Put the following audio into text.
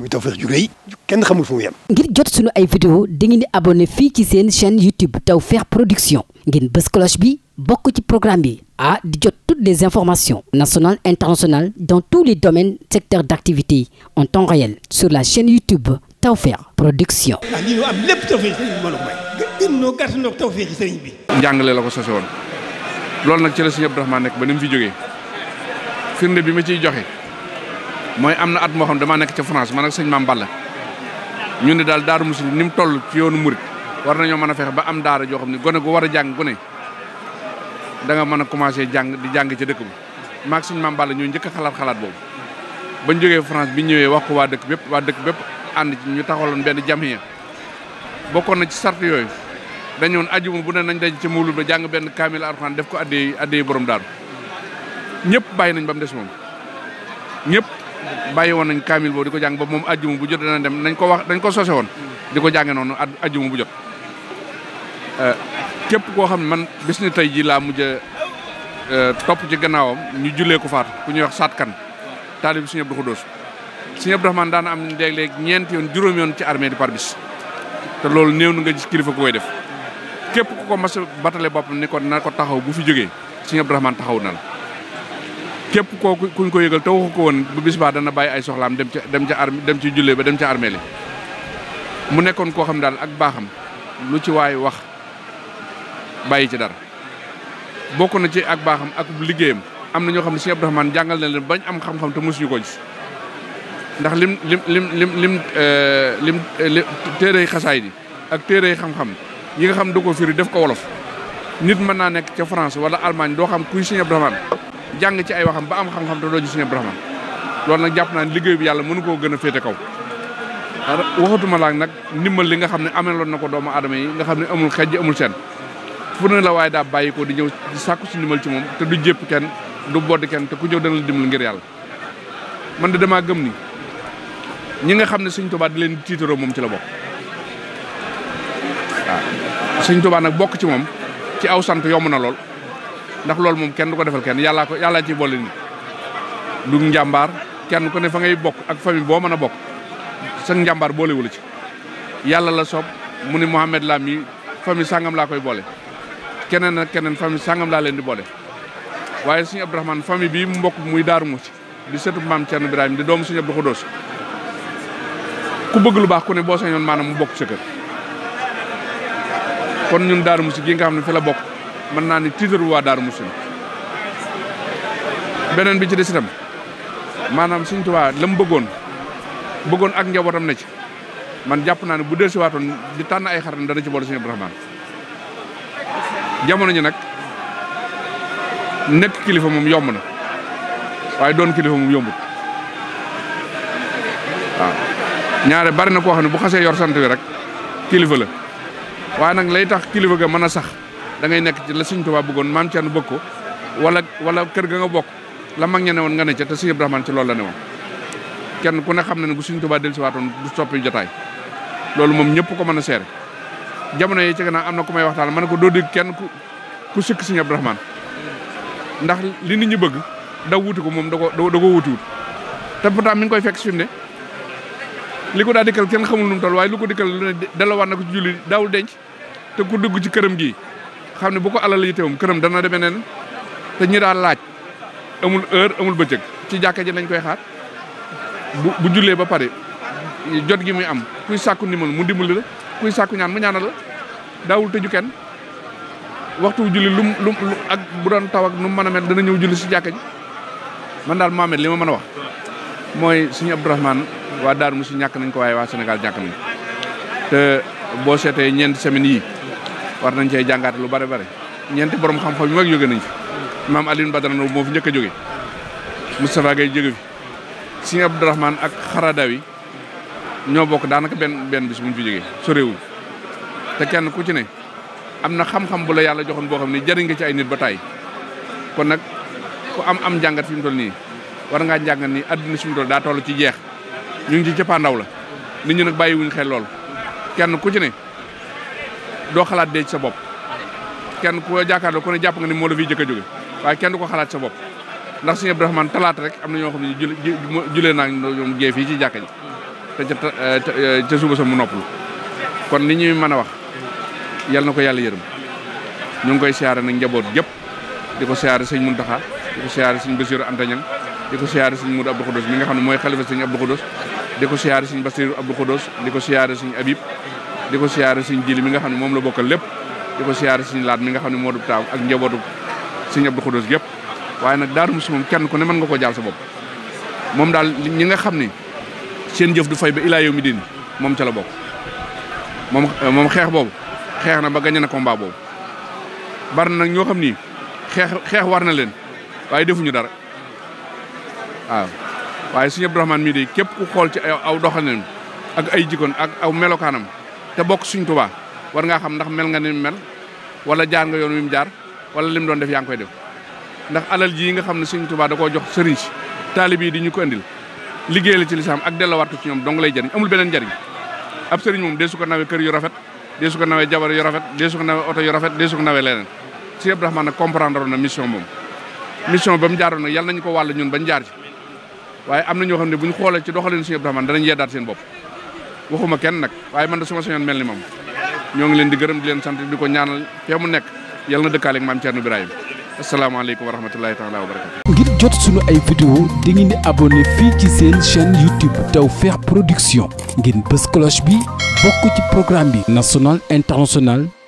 muy Tawfekh ju ngir jot sunu ay vidéo dangeen di abonné fii ci seen chaîne YouTube Tawfekh Production ngeen bës cloche bi bokk ci programme bi ah di jot toutes les informations nationales internationales dans tous les domaines secteurs d'activité en temps réel sur la chaîne YouTube Tawfekh Production. ah lii am a may. gën noo la ko sose woon loolu nag ci la sëriñ Abdourahmane nekk ba ni mu fi jógee firnde bi ma ciy joxe. mooy am na at moo xam damaa nekk ca France man ak sëñ Maam Balla ñu ne daal Daaru Muxti ni mu toll ci yoonu murit war nañoo mën a fexe ba am daara joo xam ne gone gu war a jàng gone da nga mën a commencé jàng di jàng ca dëkk bi maag sëñ Maam Balla ñoo njëkk a xalaat xalaat boobu bañ jógee France bi ñëwee wax ko waa dëkk bépp waa dëkk bépp ànd ci ñu taxawaloon benn jamiya bokkoon na ci sart yooyu dañoon ajuma bu ne nañ daje ca mawlud ba jàng benn kaamil alxuraan def ko addee addee borom daaru ñëpp bàyyi nañ ba mu des bàyyi woon nañ kaamil boobu di ko jàng ba moom ajjuma bu jot dana dem nañ ko wax dañ ko sose woon di ko jànge noonu ajjuma bu jot euh, képp koo xam ne man bis ni tey ji laa mujj a euh, topp ci gannaawam ñu jullee ko faatu ku ñuy wax saatkan taalib Sëriñ Abdou Khoudoss Sëriñ Abdou Rahmane daana am léeg-léeg ñeenti yoon juróom yoon ci armée di par bis te loolu néew na nga gis kilifa ko koy def képp ku ko mas batale bopp ni ko na ko taxaw bu fi jógee Sëriñ Abdou Rahmane taxaw na képp koo kuñ ko yëgal taw waxu ko woon bu bis dana bàyyi ay soxlaam dem ca dem ca armée dem ci jullee ba dem ca armée mu nekkoon koo xam daal ak baaxam lu ci waay wax bàyyi ci dara bokk na ci ak baaxam ak liggéeyam am na ñoo xam ne Sëñ Abdou Rahmane jàngal na bañ am xam-xam te mosuñu ko gis ndax lim lim lim lim lim euh, lim euh, téerey xasaay di ak téerey xam-xam yi nga xam du ko firi def ko wolof nit mën naa nekk ca France wala Allemagne doo xam kuy Sëñ Abdou Rahmane jàng ci ay waxam ba am xam-xam te doo gis suñu Abdourahmane loolu nag jàpp naa ne bi yàlla mënu koo gën a féete kaw waxatuma laag nag ndimbal li nga xam ne ameloon na ko doomu aadama yi nga xam ne amul xejj amul seen fu na la waaye daa bàyyi di ñëw di sàkku si ndimbal ci moom te du jépp kenn du bodd kenn te ku ñëw dana la dimbal ngir yàlla man de damaa gëm ni ñi nga xam ne sëñ Tuubaa di leen tiitaroo moom ci la bokk waaw nag bokk ci moom ci aw sant yomb na lool ndax loolu moom kenn du ko defal kenn yàllaa ko yàllaa ci boole nit du njàmbaar kenn ku ne fa ngay bokk ak famille boo mën a bokk sa njàmbaar boolewula ci yàlla la soob mu ni Mouhamed Lam yi famille sàngam laa koy boole keneen ak keneen famille sàngam laa leen di boole waaye suñu Abdourahmane famille bii mu mbokk muy daaru mu ci di sëtu maam Thierno Birahim di doomu si Abdou Khoudous ku bëgg lu baax ku ne boo sañoon maanaam mu bokk sa kon ñun daaru mu ci gi nga xam ne fi la bokk mën naa ni tiitaru waa mu Muxti beneen bi ci des itam maanaam Sëñ Tuubaa la mu bëggoon bëggoon ak njabootam na ci man jàpp naa ne bu dellusiwaatoon di tànn ay xaritam dana ci boole Sëñ Abdourahmane jamono ñi nag nekk kilifa moom yomb waaye doon kilifa moom yombut waaw ñaare bari na koo xam ne bu xasee yor sant wi rek kilifa la waaye nag lay tax kilifa ga mën a sax da ngay nekk ci la Sëñ Tuubaa bëggoon maam Thierno bëgg ko wala wala kër ga nga bokk la mag ña woon nga ne ca te Sëñ Abdu ci loolu la ne woon kenn ku ne xam na ne bu Sëñ Tuubaa dellu siwaatoon du soppi jotaay loolu moom ñëpp ko mën a seere jamono yi ci gannaaw am na ku may waxtaan ma ne ko doo dégg kenn ku ku sëkk Sëñ Abdu Rahmaan ndax li nit ñi bëgg daw wuti ko moom da ko da ko wuti wut te pourtant mi ngi koy fekk si li ko daa dikkal kenn xamul nu mu toll waaye lu ko dikkal lu ne delloowaat na ko ci julli daawul denc te ku dugg ci këram gii xam ne bu ko alal yitewum këram dana deme neen te ñi daan laaj amul heure amul bëccëg ci jàkka ji nañ koy xaar bu bu jullee ba pare jot gi muy am kuy sàkku ndimbal mu dimbali la kuy sàkku ñaan mu ñaanal la daawul tëju kenn waxtu julli lum lum bu doon taw ak nu mu mën a mel dana ñëw julli si jàkka ji man daal Mohamed li ma mën a wax mooy suñu Abdourahmane waa daal Mousty ñàkk nañ ko waaye waa Sénégal ñàkk nañ te boo seetee ñeent semaines yi war nañ cee jàngaate lu bari bari ñeenti borom xam-xam yu mag jóge nañ fi maam Alioune Badara Ndao moo fi njëkk a jóge Moustapha Gueye jóge fi Sëñ Abdourahmane ak Xaradawi ñoo bokk daanaka benn benn bis bu ñu fi jógee soréewuñ te kenn ku ci ne am na xam-xam bu yàlla joxoon boo xam ne jëriñ nga ci ay nit ba tàyyi kon nag ku am am njàngat fi mu nii war ngaa njàngat ni àdduna si mu toll daa toll ci jeex ñu ngi ci cappaandaw la nit ñi nag bàyyiwuñ xel lool kenn ku ci ne. doo xalaat dee sa bopp kenn ku jàkkaarloo ku ne jàpp nga ni moolo la fiy jëkk a waaye kenn du ko xalaat sa bopp ndax suñu Abdou Rahmane talaata rek am na ñoo xam ne julee naa ñoom géef yi ci jàkka ji te ca ca sa mu noppalu kon li ñuy mën a wax yal na ko yàlla yërëm ñu ngi koy siyaare nag njaboot gépp di ko siyaare sëñ Muntaxa di ko siyaare sëñ Basiru Antañang di ko siyaare sëñ Mudu Abdou Khodos nga xam ne mooy xalifa sëñ Abdou Khodos di ko siyaare sëñ Basiru Abdou Khodos di ko siyaare sëñ Abib di ko siyaare suñ jili mi nga xam ne moom la bokka lépp di ko siyaare suñ laat mi nga xam ne moo du taaw ak njabootu suñ Abdou Khoudous yëpp waaye nag Daaru Muxti moom kenn ku ne mën nga ko jaal sa bopp moom daal ñi nga xam ni seen jëf du fay ba ilaa yow mi din moom ca la bokk moom xeex boobu xeex na ba gañe na combat boobu na nag ñoo xam ni xeex xeex war na leen waaye defuñu dara waaw waaye suñu Abdourahmane mii de képp ku xool ci aw doxalinam ak ay jikkoon ak aw melokaanam te bokk suñ tubaa war ngaa xam ndax mel nga ni mel wala jaar nga yoon wi mu jaar wala lim doon def yaa ngi koy def ndax alal ji nga xam ne suñ tubaa da koo jox sëriñ si taalib yi di ñu ko andil liggéey ci lislaam ak delloo wartu ci ñoom dong lay jëriñ amul beneen jëriñ ab sëriñ moom dee su ko nawee kër yu rafet dee su nawe nawee jabar yu rafet dee su ko oto yu rafet dee su ko nawee leneen si Abdourahmane nag comprendre na mission moom mission ba mu jaaroon nag yàlla nañu ko wàll ñun bañ jaar ci waaye am na ñoo xam ne bu ñu xoolee ci waxuma kenn nag waaye man da suma sañoon mel ni moom ñoo ngi leen di gërëm di leen sant di ko ñaanal fee mu nekk yàlla na dëkkaale ak maam Thierno Birahim asalaamaaleykum wa rahmatulahi taala wa barakatu ngir jot suñu ay vidéo di ngeen di abonné fii ci seen chaîne YouTube Tawfekh Production ngeen bës cloche bi bokk ci programme bi national international